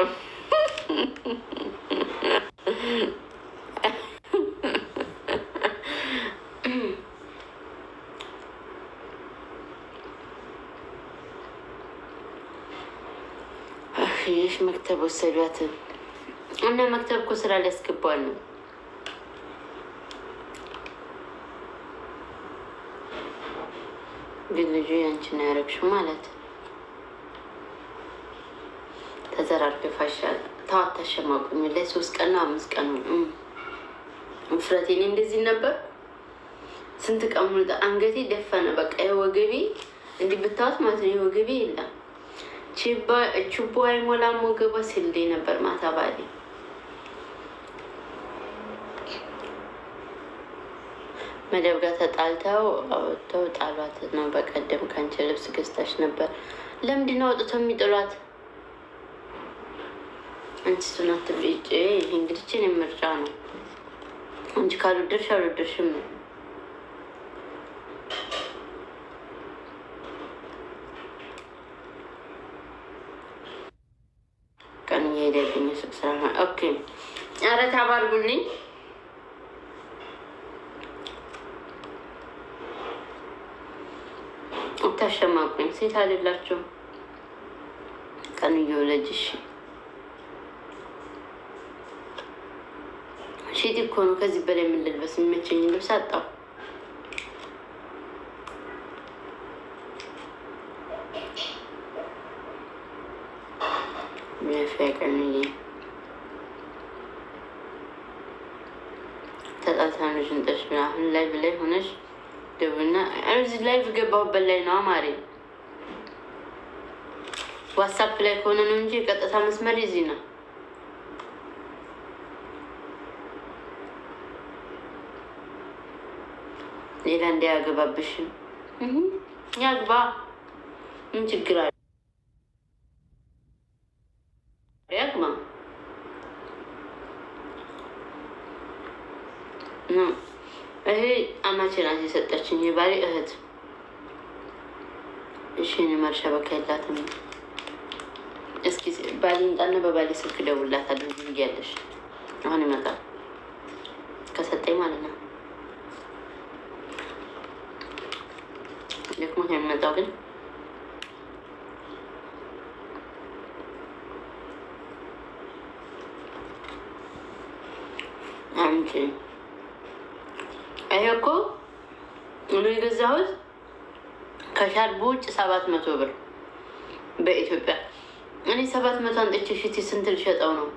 ይሽ መክተብ ወሰዷት እና መክተብ እኮ ስራ ሊያስገባል ነው። ግን ልጁ ያንቺን አያረግሽም ማለት ነው። ይደፋሻል። ተዋት ተሸማቁኝ ላይ ሶስት ቀን አምስት ቀን ውፍረቴ እኔ እንደዚህ ነበር። ስንት ቀን ሙሉ አንገቴ ደፈነ። በቃ የወገቤ እንዲህ ብታወት ማለት ነው የወገቤ የለም ችቦ አይሞላም ወገቧ ሲልዴ ነበር ማታ ባሌ መደብ ጋር ተጣልተው አውጥተው ጣሏት ነው። በቀደም ከአንቺ ልብስ ገዝታች ነበር። ለምንድነው አውጥተው የሚጥሏት? አንቺ አትብጭ። ይህ እንግዲህ እኔ ምርጫ ነው እንጂ ካልወደድሽ አልወደድሽም ነው። ቀን እየሄደብኝ ኦኬ፣ ኧረ ታሸማቁኝ ሴት አይደላቸው ቀን እየወለጅሽ ነው ከዚህ በላይ የምንልበስ የሚመቸኝ ልብስ አጣው። ተጣሳሚሽን ጠሽ አሁን ላይቭ ላይ ሆነሽ ደቡና እዚህ ላይቭ ገባሁበት ላይ ነው አማሪ ዋትሳፕ ላይ ከሆነ ነው እንጂ የቀጥታ መስመር ይዚህ ነው። ሌላ እንዳያገባብሽም ያግባ። ምን ችግር አለ? ያግባ። ይሄ አማቼ ናት የሰጠችኝ የባሌ እህት። እሺ እኔ ማርሻ በካ የላትም። እስኪ ባሌ እንጣና በባሌ ስልክ ደውላታለሁ። ያለሽ አሁን ይመጣል ከሰጠኝ ማለት ነው። ግን አንቺ ይሄ እኮ እኔ የገዛሁት ከሻርቡ ውጭ ሰባት መቶ ብር በኢትዮጵያ እኔ ሰባት መቶ አንጥቼ ሽቲ ስንት ልሸጠው ነው?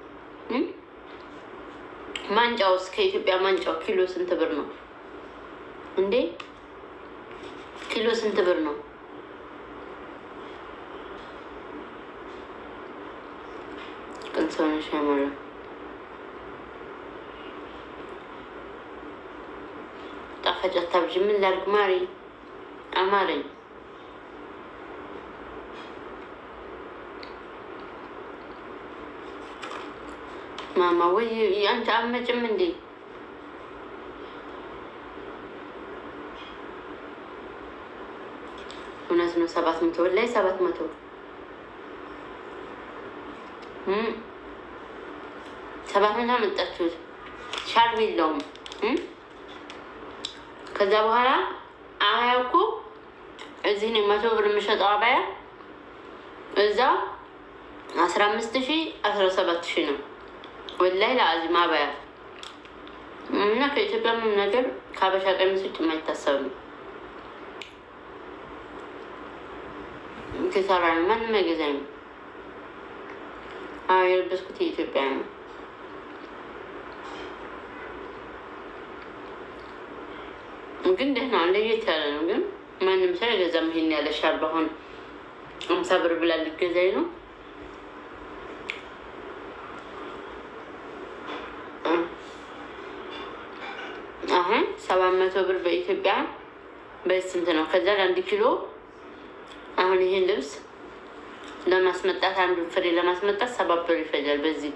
ማንጫውስ ከኢትዮጵያ ማንጫው ኪሎ ስንት ብር ነው እንዴ? ኪሎ ስንት ብር ነው? sonra şey yaparım. طفج الترجم الأرقماري أماري ماما وي أنت أمك من دي እውነት ነው። ሰባት መቶ ላይ ሰባት መቶ ሰባትና መጣችሁት ሻርብ የለውም። ከዛ በኋላ አያ እኮ እዚህ ነው መቶ ብር የምሸጠው አባያ እዛ አስራ አምስት ሺ አስራ ሰባት ሺ ነው ወላይ ለአዚም አባያ እና ከኢትዮጵያ ምንም ነገር ከአበሻ ቀሚስ ውጭ የማይታሰብ ነው። ክሰራ ማንም ማንም አይገዛኝ። የለበስኩት የኢትዮጵያ ነው። ግን ደህና ለየት ያለ ነው። ግን ማንም ሰው አይገዛም። ይሄን ያለ ሻርብ አሁን አምሳ ብር ብላ ሊገዛኝ ነው። አሁን ሰባት መቶ ብር በኢትዮጵያ በስንት ነው? ከዛ ለአንድ ኪሎ አሁን ይሄን ልብስ ለማስመጣት አንዱ ፍሬ ለማስመጣት ሰባት ብር ይፈጃል በዚህ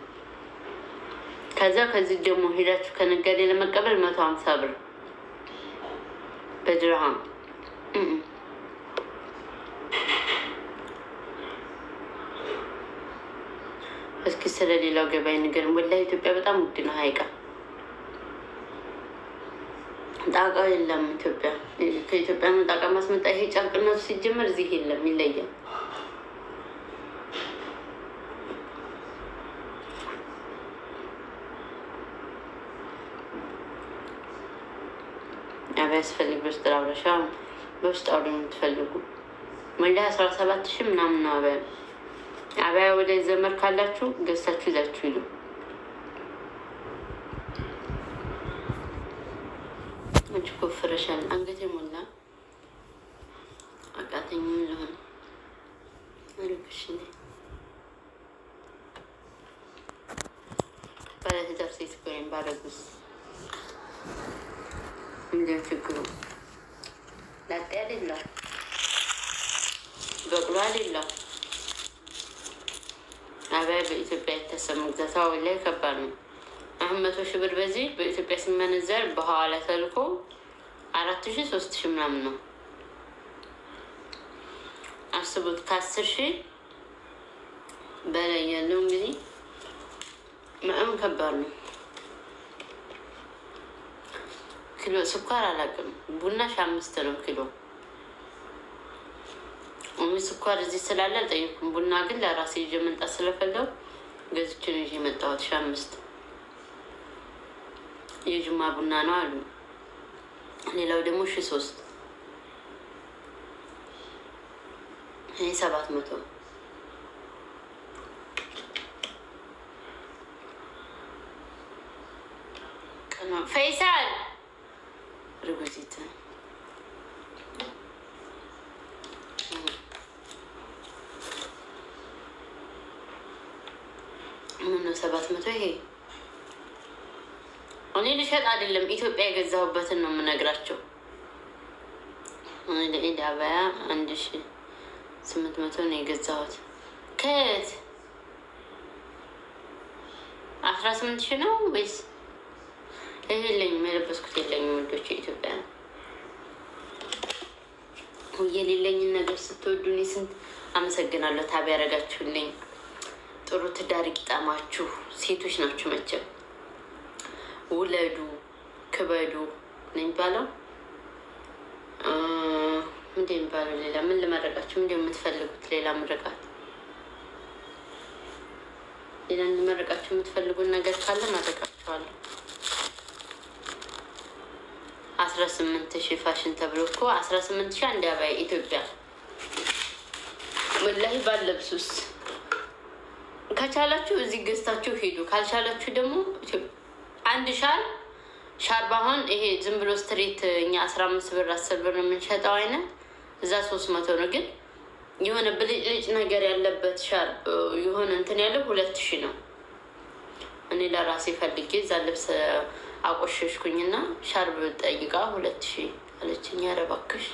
ከዛ ከዚህ ደግሞ ሄዳችሁ ከነጋዴ ለመቀበል መቶ ሀምሳ ብር በድርሃም እስኪ ሌላው ገበያ ንገርም ወላ ኢትዮጵያ በጣም ውድ ነው። ሀይቃ ጣቃው የለም ኢትዮጵያ። ከኢትዮጵያ ነው ጣቃ ማስመጣ። ይሄ ጨርቅነቱ ሲጀመር እዚህ የለም፣ ይለያል። ማስቀመጫ ቢያስፈልግ በውስጥ ላውረሻ በውስጥ አውሪ የምትፈልጉ ወደ አስራ ሰባት ሺ ምናምን ነው አበያ አበያ ወደ ዘመር ካላችሁ ገዝታችሁ ይዛችሁ ይሉ እጅ ኮፍረሻል። አንገት የሞላ አቃተኝ። ምን ልሆን አልብሽ ባለትዳር ሴት ባረጉስ እንዲያ ችግሩ ላጤ አሌላ በቅሎ አሌላ አባይ በኢትዮጵያ የተሰሙ ግዛት ላይ ከባድ ነው። አሁን መቶ ሺህ ብር በዚህ በኢትዮጵያ ሲመነዘር በሐዋላ ተልኮ አራት ሺህ ሶስት ሺህ ምናምን ነው። አስቡት ከአስር ሺህ በላይ ያለው እንግዲህ ምዕም ከባድ ነው። ኪሎ ስኳር አላውቅም። ቡና ሺ አምስት ነው ኪሎ። እኔ ስኳር እዚህ ስላለ አልጠየኩም። ቡና ግን ለራሴ ይዤ መምጣት ስለፈለው ገዝችን ይዤ መጣሁት። ሺ አምስት የጅማ ቡና ነው አሉ። ሌላው ደግሞ ሺ ሶስት እኔ ሰባት መቶ ፈይሳል ርጉዚትን ምነው ሰባት መቶ ይሄ እኔ ልሸጥ አይደለም፣ ኢትዮጵያ የገዛሁበትን ነው የምነግራቸው። ለኢድ አባያ አንድ ሺ ስምንት መቶ ነው የገዛሁት። ከየት አስራ ስምንት ሺ ነው ወይስ የለኝም የለበስኩት የለኝም። ወዶች ኢትዮጵያ ነው የሌለኝን ነገር ስትወዱ እኔ ስንት አመሰግናለሁ። ታቢ ያደረጋችሁልኝ ጥሩ ትዳር ይግጠማችሁ። ሴቶች ናችሁ መቼም ውለዱ፣ ክበዱ ነው የሚባለው። ምንድ የሚባለው? ሌላ ምን ልመረቃችሁ? ምንድ የምትፈልጉት? ሌላ ምርቃት፣ ሌላ ልመረቃችሁ የምትፈልጉን ነገር ካለ ማድረጋችኋለሁ። አስራ ስምንት ሺህ ፋሽን ተብሎ እኮ አስራ ስምንት ሺህ አንድ አባይ ኢትዮጵያ ወላሂ ባለብሱስ ከቻላችሁ እዚህ ገዝታችሁ ሂዱ። ካልቻላችሁ ደግሞ አንድ ሻል ሻርባ አሁን ይሄ ዝም ብሎ ስትሪት እኛ አስራ አምስት ብር አስር ብር ነው የምንሸጠው አይነት እዛ ሶስት መቶ ነው። ግን የሆነ ብልጭልጭ ነገር ያለበት ሻል የሆነ እንትን ያለው ሁለት ሺ ነው። እኔ ለራሴ ፈልጌ እዛ ልብስ አቆሸሽኩኝና ሻርብ ጠይቃ ሁለት ሺ አለችኝ። ኧረ እባክሽ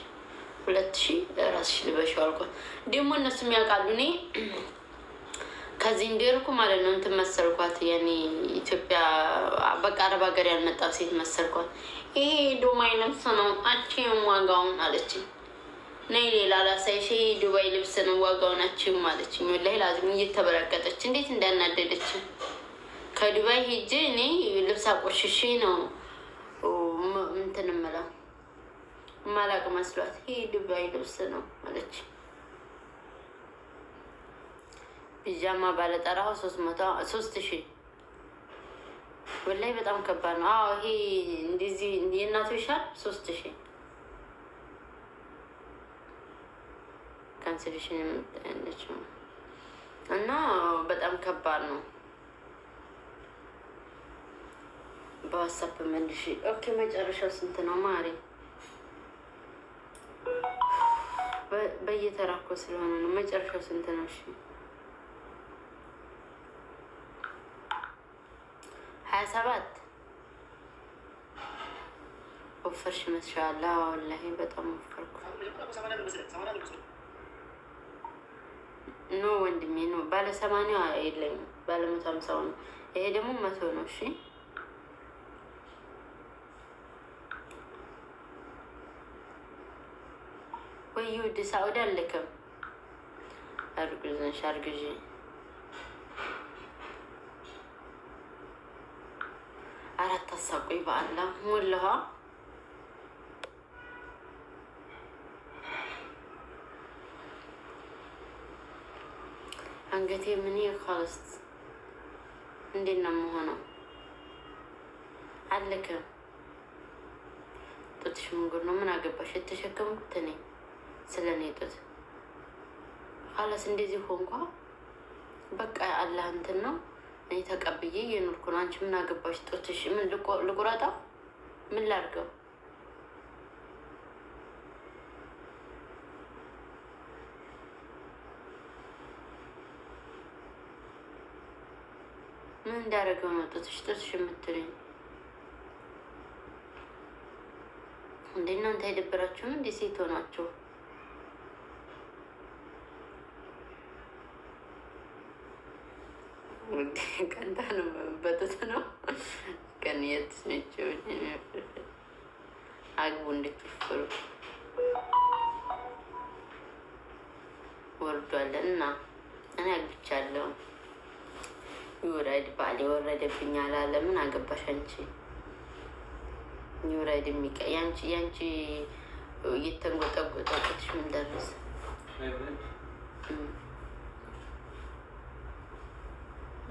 ሁለት ሺ ራስሽ ልበሽ አልኳት። ደግሞ እነሱ የሚያውቃሉ እኔ ከዚህ እንደሄድኩ ማለት ነው እንትን መሰልኳት። ያኔ ኢትዮጵያ በቃ አረብ ሀገር ያልመጣ ሴት መሰልኳት። ይሄ ዱባይ ልብስ ነው አችም ዋጋውን አለችኝ። ነይ ሌላ ላሳይሽ፣ ይሄ ዱባይ ልብስ ነው ዋጋውን አችም አለችኝ። ላይ ላዚም እየተበረቀጠች እንዴት እንዳናደደችን ከዱባይ ሄጄ እኔ ልብስ አቆሽሼ ነው እንትን እምለው ማላቅ መስሏት ይሄ ዱባይ ልብስ ነው አለች። ፒጃማ ባለጠራው ሶስት ሺ ወላይ በጣም ከባድ ነው። አዎ ይሄ እንደዚህ የእናቱ ይሻል ሶስት ሺ ካንስሌሽን የምጠነች እና በጣም ከባድ ነው። በዋሳፕ መልሽ። ኦኬ መጨረሻው ስንት ነው ማሪ? በየተራ እኮ ስለሆነ ነው። መጨረሻው ስንት ነው? እሺ ሀያ ሰባት ወፈርሽ ይመስሻል? ወላሂ በጣም ወፈርኩ። ኖ ወንድሜ ነው ባለ ሰማንያ የለኝም ባለ መቶ ሀምሳው ነው። ይሄ ደግሞ መቶ ነው። እሺ ይሁድ ሳውዲ አልክም። እርጉዝ ነሽ አርግዢ። አራት አሳቆይ በአላ ሙልሃ አንገቴ ምን ይካልስ እንዴት ነው የምሆነው? አልክም። ጡትሽ ምንጉር ነው ምን አገባሽ? የተሸከምኩት እኔ ስለኔ ጡት ካለስ እንደዚህ ሆንኳ በቃ አላህ እንትን ነው። እኔ ተቀብዬ የኑርኩን ነው። አንቺ ምን አገባሽ? ጡትሽ ምን ልቁረጣው? ምን ላድርገው? ምን እንዳደረገው ነው ጡትሽ ጡትሽ የምትለኝ? እንደ እናንተ አይደብራችሁም? እንደ ሴት ሆናችሁ ቀንታ ነው መበጠት ነው። ቀን የት ነች አግቡ እንድትፈሩ ወርዷለን እና እኔ አግብቻለሁ። ይውረድ ባል የወረደብኝ አላለ። ምን አገባሽ አንቺ? ይውረድ የሚቀ ያንቺ ያንቺ እየተንጎጠጎጠ ቁጥሽ ምን ደረሰ?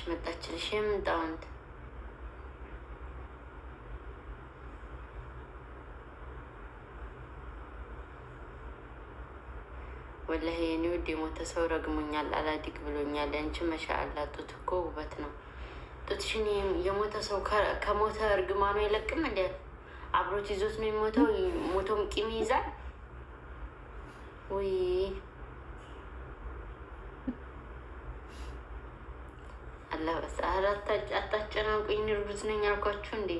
ይዘሽ መጣችልሽ የምንጣውንት ወላሂ የኔ ውድ የሞተ ሰው ረግሞኛል፣ አላዲግ ብሎኛል። አንቺ መሻአላ ጡት እኮ ውበት ነው። ጡትሽን የሞተ ሰው ከሞተ እርግማኑ አይለቅም እንደ አብሮት ይዞት ነው የሞተው። ሞቶም ቂም ይይዛል ወይ ለበስ ኧረ አታጨናንቁኝ፣ እርጉዝ ነኝ አልኳችሁ እንዴ?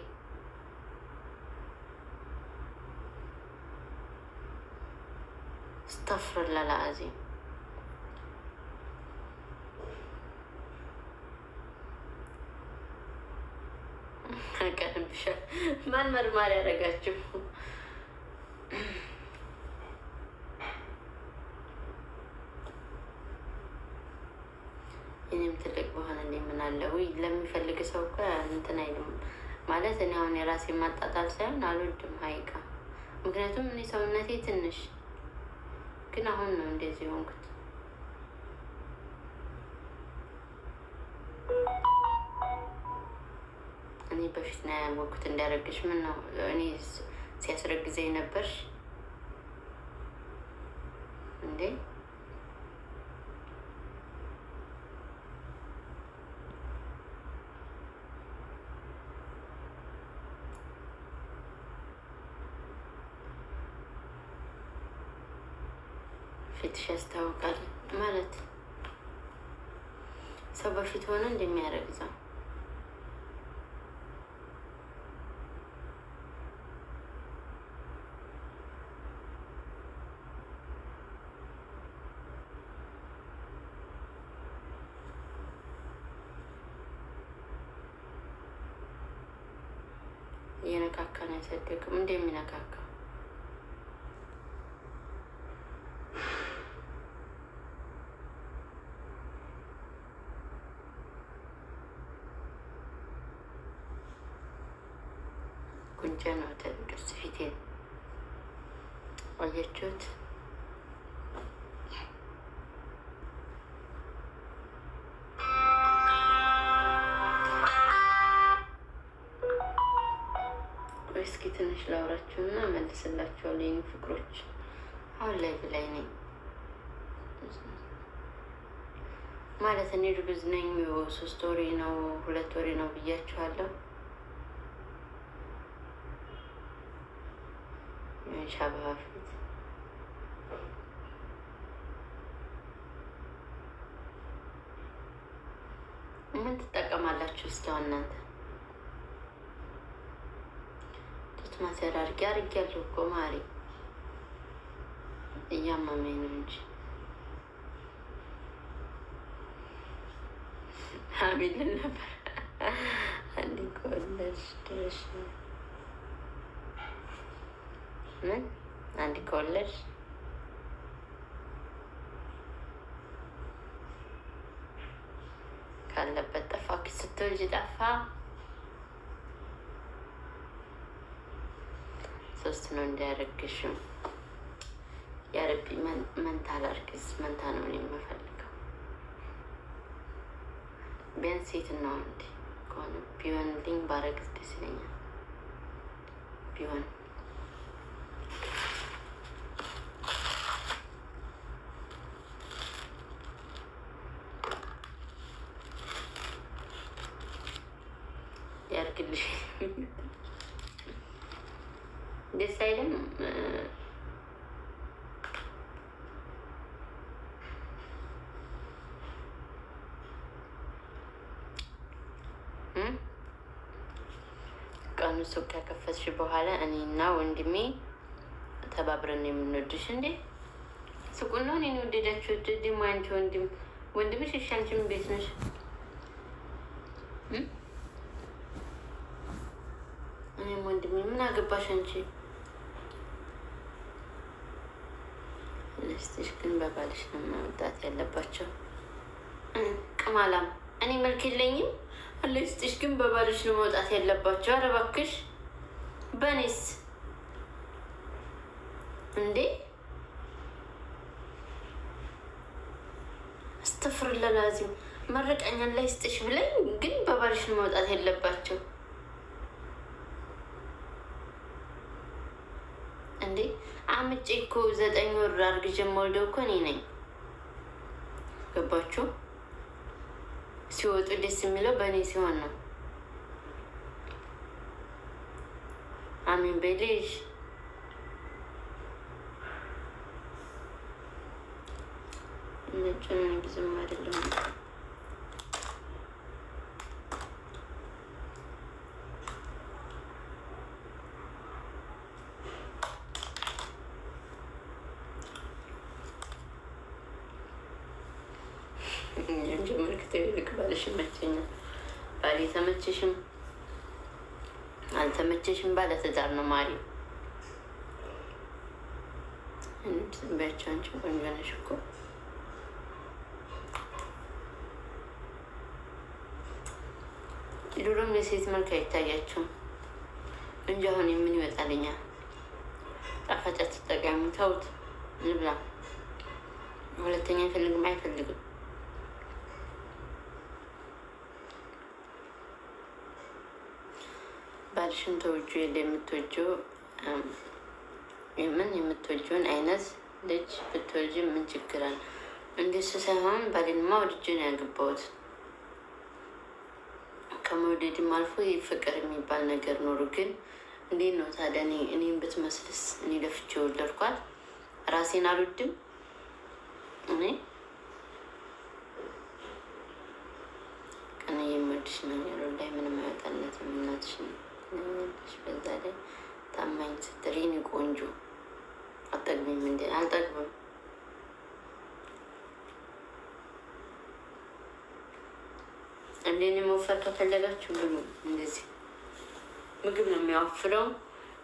ስተፍርላ ለአዚ ቀንብሻ ማን መርማሪ ያደረጋችሁ? የሚወድ ሰው እኮ እንትን አይልም ማለት እኔ አሁን የራሴ ማጣጣል ሳይሆን አልወድም ሀይቃ። ምክንያቱም እኔ ሰውነቴ ትንሽ ግን አሁን ነው እንደዚህ የሆንኩት እኔ በፊት ነው ያወቅኩት እንዳረግሽ። ምን ነው እኔ ሲያስረግዘኝ ነበርሽ እንዴ? ፊትሽ ያስታውቃል ማለት ሰው በፊት ሆነ እንደሚያረግዘው እየነካካ ነው ያሳደግም እንደሚነካካ እርምጃ ነው ወደ ፊቴን አያችሁት። እስኪ ትንሽ ላውራችሁና መልስላችኋለሁ። የእኔ ፍቅሮች አሁን ላይ ብላይ ነኝ ማለት እኔ ድግዝ ነኝ። ሶስት ወሬ ነው ሁለት ወሬ ነው ብያችኋለሁ። ምን ትጠቀማላችሁ? እስካሁን እናንተ ጡት ማሰር አድርጌ አድርጌያለሁ እኮ ማሪ፣ እያመመኝ ነው እንጂ አሚልን ነበር አንድ ከወለድሽ ድረሽ ምን አንድ ልጅ ጠፋ። ሶስት ነው እንዲያረግሽም ያረቢ መንታ ላርግዝ መንታ ነው የምፈልገው። ቢያንስ ሴት ነው እንዲ ከሆነ ቢሆንልኝ ባረግዝ ደስ ይለኛል ቢሆን ቀኑ ሱቅ ከከፈትሽ በኋላ እኔ እኔና ወንድሜ ተባብረን የምንወድሽ። እንዴ ሱቁ ነው እኔን የወደዳችሁት? ደግሞ አንቺ ወንድም ወንድምሽ እሺ፣ ቤት ነሽ። እኔም ወንድሜ ምን አገባሽ አንቺ? ሚስትሽ ግን በባልሽ ነው መምጣት ያለባቸው። ቅማላም እኔ መልክ የለኝም። አለስጥሽ ግን በባልሽ ነው መውጣት ያለባቸው። ኧረ እባክሽ በኔስ እንዴ አስተፍር ለላዚም መረቀኛን ላይ ስጥሽ ብለኝ ግን በባልሽ ነው መውጣት ያለባቸው እንዴ አምጬ እኮ ዘጠኝ ወር አርግዤ የምወልደው እኮ እኔ ነኝ። ገባችሁ? ሲወጡ ደስ የሚለው በእኔ ሲሆን ነው። አሚን በልሽ ነጭ ብዙም አይደለም። ከሚያስደስተው ይልቅ ባልሽ ይመቸኛል። ባል የተመቸሽም አልተመቸሽም ባለትዳር ነው። ማሪ ቢያቸውን አንቺ ቆንጆ ነሽ እኮ ድሮም የሴት መልክ አይታያችሁም እንጂ አሁን የምን ይመጣልኛ? ጣፋጫ ተጠቃሚ ተውት፣ ዝብላ ሁለተኛ አይፈልግም አይፈልግም ራስሽን ተወጁ የለ የምትወጁ ምን የምትወጁውን አይነት ልጅ ብትወጂ ምን ችግር አለ? እንዲስ ሳይሆን ባሌንማ ወድጄ ነው ያገባሁት። ከመውደድም አልፎ ይህ ፍቅር የሚባል ነገር ኖሩ። ግን እንዴት ነው ታዲያ እኔም ብትመስልስ? እኔ ለፍቼ የወለድኳት ራሴን አልወድም እኔ ቀን የምወድሽ ነገር ላይ ምንም አይወጣለትም። የምናትሽ ነው ትሆኛለሽ። በዛ ላይ ታማኝ ስትል የእኔ ቆንጆ አጠግብም አልጠግብም መወፈር ከፈለጋችሁ ብሉ። እንደዚህ ምግብ ነው የሚያወፍረው።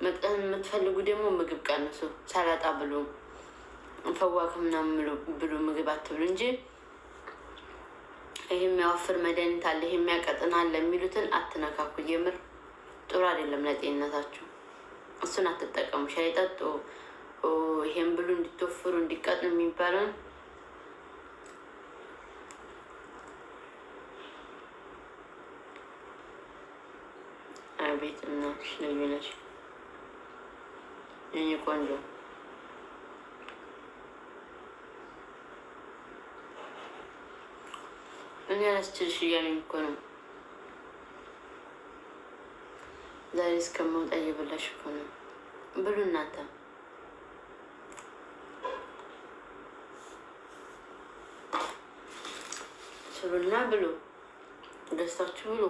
መቅጠን የምትፈልጉ ደግሞ ምግብ ቀንሱ። ሰላጣ ብሉ፣ ፈዋክ ምናምን ብሉ። ምግብ አትብሉ እንጂ ይህ የሚያወፍር መድኃኒት አለ፣ ይህ የሚያቀጥናል የሚሉትን አትነካኩ የምር ጥሩ አይደለም ለጤንነታችሁ። እሱን አትጠቀሙ። ሻይ ጠጡ፣ ይሄን ብሉ፣ እንዲትወፍሩ እንዲቀጥኑ የሚባለውን አቤት እናትሽ ልዩ ነች የእኔ ቆንጆ። እኔ አላስችልሽ እያለኝ እኮ ነው። ዛሬ እስከመውጣ እየበላሽ እኮ ነው። ብሉ እናንተ ስሩና ብሉ፣ ደስታችሁ ብሉ።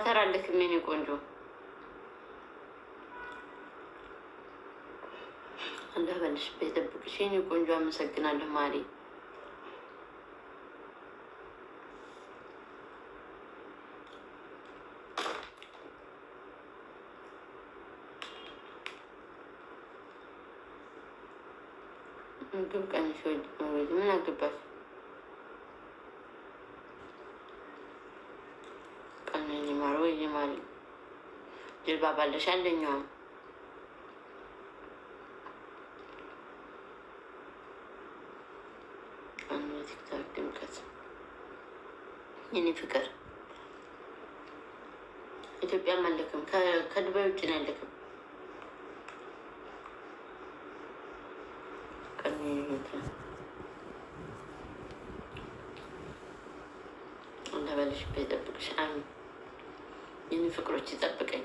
አተር አለክ ምን ቆንጆ አላህ በልሽ በጠብቅሽ የኔ ቆንጆ አመሰግናለሁ ማሪ ምግብ ቀንሽ ምን አገባሽ ጅልባ ባለሽ አንደኛውም ቲክታክ ድምቀት የኔ ፍቅር ኢትዮጵያም አለክም ከዱባይ ውጭ ነው ያለክም። እንዳበለሽ ይጠብቅሽ። አሚን። የኔ ፍቅሮች ይጠብቀኝ።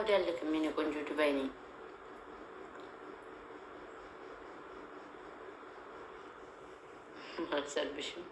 ሳውዲ አልክም። የእኔ ቆንጆ ዱባይ ነኝ። አልሰብሽም